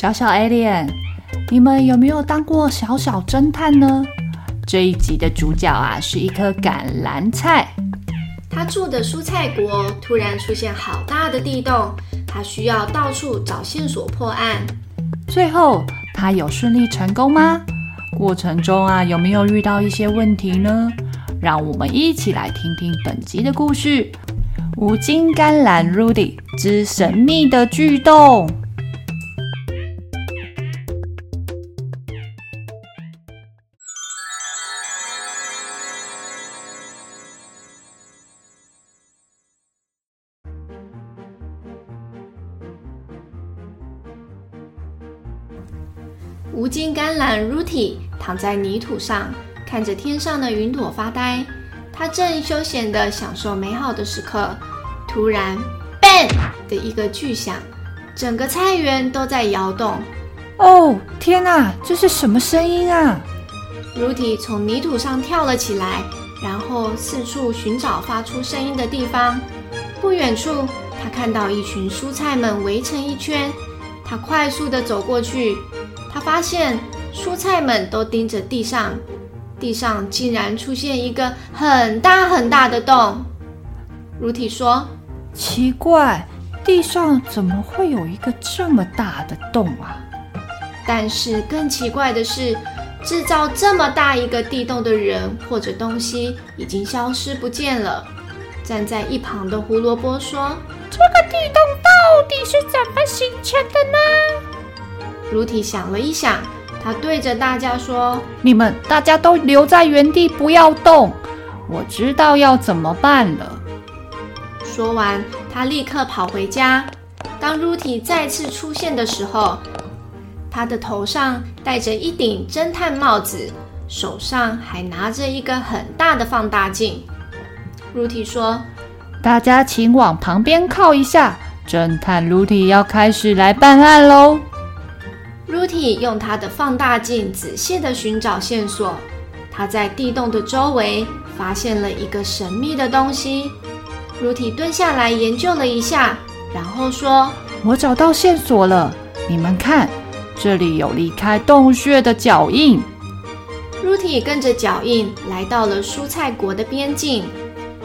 小小 Alien，你們有沒有當過小小偵探呢？這一集的主角啊是一顆甘藍菜，他住的蔬菜國突然出現好大的地洞，他需要到處找線索破案。最後他有順利成功嗎？過程中啊有沒有遇到一些問題呢？讓我們一起來聽聽本集的故事：蕪菁甘藍 Rooty 之神秘的巨洞。蕪菁甘藍 Rooty 躺在泥土上，看着天上的雲朵發呆。他正悠閒地享受美好的時刻。突然，bang 的一個巨響，整個菜園都在搖動。哦，oh，天哪，這是什麼聲音啊？Rooty 從泥土上跳了起來，然後四處尋找發出聲音的地方。不遠處，他看到一群蔬菜們圍成一圈。他快速地走過去。他發現蔬菜們都盯着地上，地上竟然出現一個很大很大的洞。Rooty 說：“奇怪，地上怎麼會有一個這麼大的洞啊？”但是更奇怪的是，製造這麼大一個地洞的人或者東西已經消失不見了。站在一旁的胡蘿蔔說：“這個地洞到底是怎麼形成的呢？” Rooty 想了一想，他對着大家說：“你們大家都留在原地，不要動。我知道要怎麼辦了。”說完，他立刻跑回家。當 Rooty 再次出現的時候，他的頭上戴着一頂偵探帽子，手上還拿着一個很大的放大鏡。Rooty 說：“大家請往旁邊靠一下，偵探 Rooty 要開始來辦案嘍。” Rooty 用他的放大鏡仔細的尋找線索，他在地洞的周圍發現了一個神祕的東西。Rooty 蹲下來研究了一下，然後說：“我找到線索了，你們看，這裡有離開洞穴的腳印。” Rooty 跟着腳印來到了蔬菜國的邊境，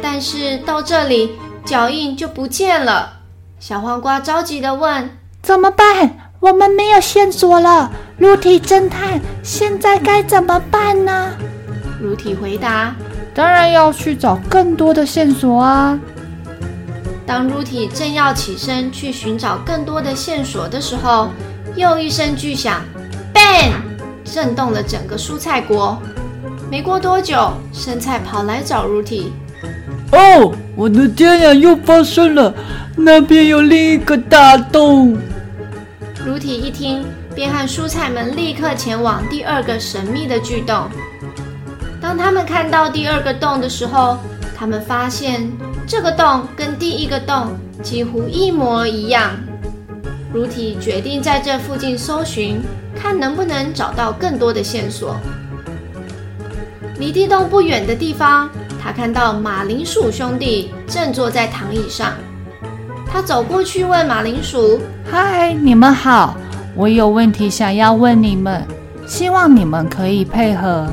但是到這裡，腳印就不見了。小黃瓜着急的問：“怎麼辦？”我們沒有線索了，Rooty 偵探，現在該怎麼辦呢？Rooty 回答：“當然要去找更多的線索啊！”當 Rooty 正要起身去尋找更多的線索的時候，又一聲巨響，bang，震動了整個蔬菜國。沒過多久，生菜跑來找 Rooty：“ 哦，oh, 我的天呀、啊，又發生了，那邊有另一個大洞！” Rooty 一聽，便和蔬菜們立刻前往第二個神秘的巨洞。當他們看到第二個洞的時候，他們發現這個洞跟第一個洞幾乎一模一樣。Rooty 決定在這附近搜尋，看能不能找到更多的線索。離地洞不遠的地方，他看到馬鈴薯兄弟正坐在躺椅上。他走過去問馬鈴薯：“嗨，你們好，我有問題想要問你們，希望你們可以配合。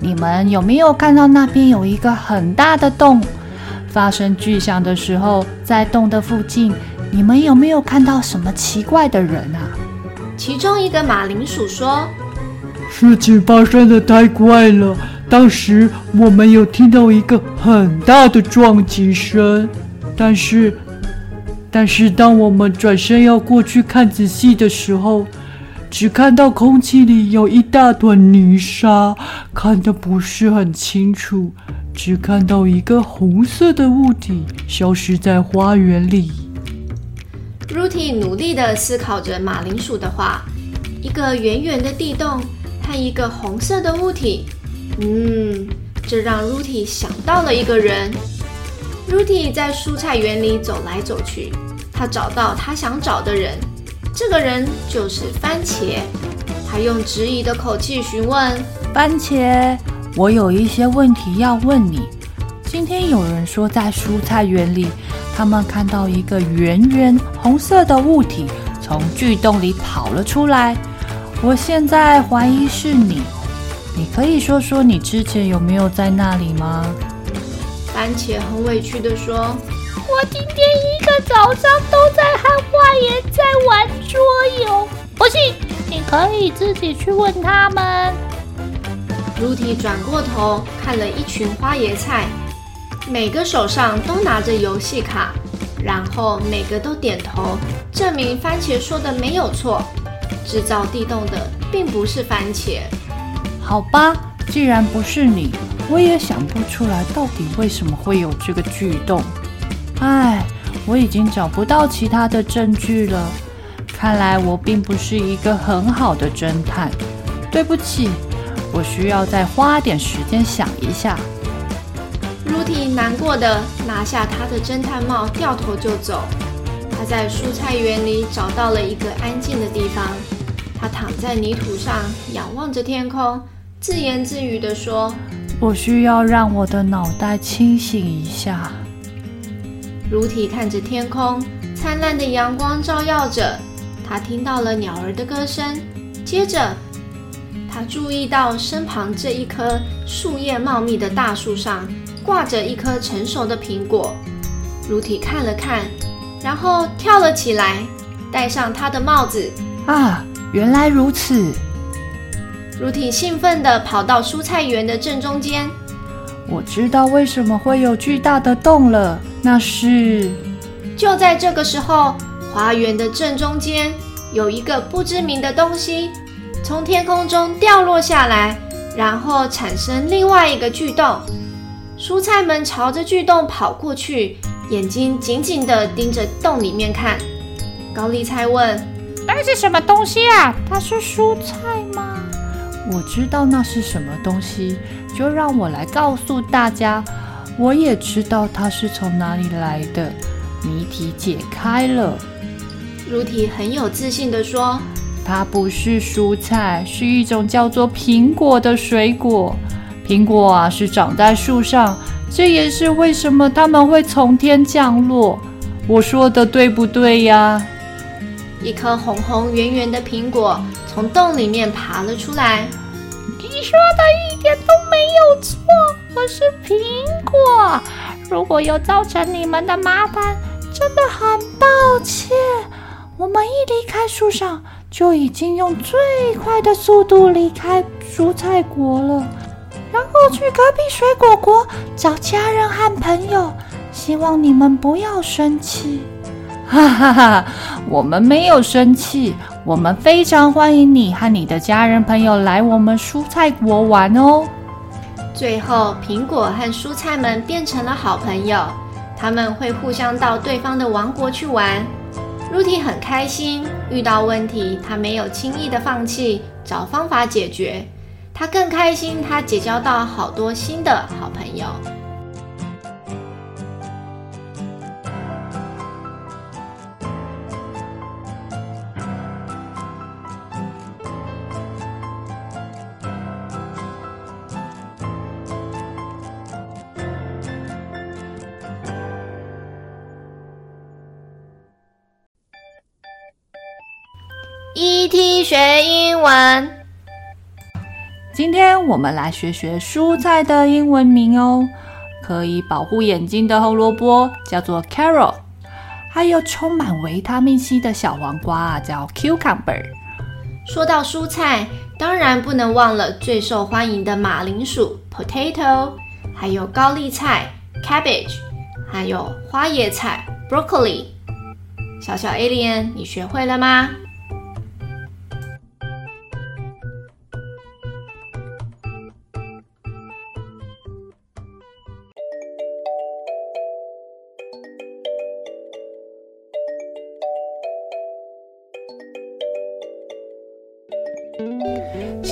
你們有沒有看到那邊有一個很大的洞？發生巨響的時候，在洞的附近，你們有沒有看到什麼奇怪的人啊？”其中一個馬鈴薯說：“事情發生得太快了，當時我們有聽到一個很大的撞擊聲，但是……”但是，當我們轉身要過去看仔細的時候，只看到空氣裡有一大團泥沙，看得不是很清楚，只看到一個紅色的物體消失在花園裡。Rooty 努力地思考着馬鈴薯的話：一個圓圓的地洞和一個紅色的物體。嗯，這讓 Rooty 想到了一個人。Rooty 在蔬菜園裡走來走去，他找到他想找的人，這個人就是番茄。他用質疑的口氣詢問：“番茄，我有一些問題要問你。今天有人說在蔬菜園裡，他們看到一個圓圓紅色的物體從巨洞裡跑了出來。我現在懷疑是你。你可以說說你之前有沒有在那裡嗎？”番茄很委屈地說：“我今天一個早上都在和花爺在玩桌遊，不信你可以自己去問他們。” Rooty 轉過頭看了一群花椰菜，每個手上都拿着遊戲卡，然後每個都點頭，證明番茄說的沒有錯，製造地洞的並不是番茄。好吧，既然不是你，我也想不出來到底為什麼會有這個舉動。唉，我已經找不到其他的證據了。看來我並不是一個很好的偵探。對不起，我需要再花點時間想一下。Rooty 難過的拿下他的偵探帽，掉頭就走。他在蔬菜園裡找到了一個安靜的地方。他躺在泥土上，仰望着天空，自言自語地說。我需要讓我的腦袋清醒一下。Rooty 看着天空，燦爛的陽光照耀着，他聽到了鳥兒的歌聲。接着，他注意到身旁這一棵樹葉茂密的大樹上掛着一顆成熟的蘋果。Rooty 看了看，然後跳了起來，戴上他的帽子。啊，原來如此。Rooty 興奮地跑到蔬菜園的正中間。我知道為什麼會有巨大的洞了，那是……就在這個時候，花園的正中間有一個不知名的東西從天空中掉落下來，然後產生另外一個巨洞。蔬菜們朝着巨洞跑過去，眼睛緊緊地盯着洞裡面看。高麗菜問：“那是什麼東西啊？它是蔬菜嗎？”我知道那是什麼東西，就讓我來告訴大家。我也知道它是從哪裡來的，謎題解開了。盧提，很有自信的說：“它不是蔬菜，是一種叫做蘋果的水果。蘋果啊是長在樹上，這也是為什麼它們會從天降落。我說的對不對呀、啊？一顆紅紅圓圓的蘋果。”從洞裡面爬了出來。你說的一點都沒有錯，我是蘋果。如果有造成你們的麻煩，真的很抱歉。我們一離開樹上，就已經用最快的速度離開蔬菜國了，然後去隔壁水果國找家人和朋友。希望你們不要生氣。哈哈哈，我們沒有生氣。我們非常歡迎你和你的家人朋友來我們蔬菜國玩哦。最後，蘋果和蔬菜們變成了好朋友，他們會互相到對方的王國去玩。Rooty 很開心，遇到問題他沒有輕易的放棄，找方法解決。他更開心，他結交到好多新的好朋友。ET 學英文，今天我們來學學蔬菜的英文名哦。可以保護眼睛的胡蘿蔔叫做 carrot，還有充滿維他命 C 的小黃瓜啊，叫 cucumber。說到蔬菜，當然不能忘了最受歡迎的馬鈴薯 potato，還有高麗菜 cabbage，還有花椰菜 broccoli。小小 alien，你學會了嗎？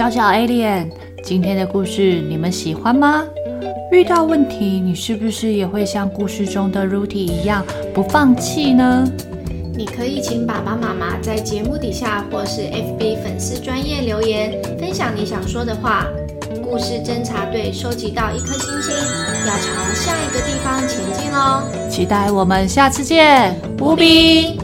小小 Alien，今天的故事你們喜歡嗎？遇到問題，你是不是也會像故事中的 Rooty 一樣不放棄呢？你可以請爸爸媽、媽媽在節目底下或是 FB 粉絲專頁留言，分享你想說的話。故事偵查隊收集到一顆星星，要朝下一個地方前進哦！期待我們下次見，波比比。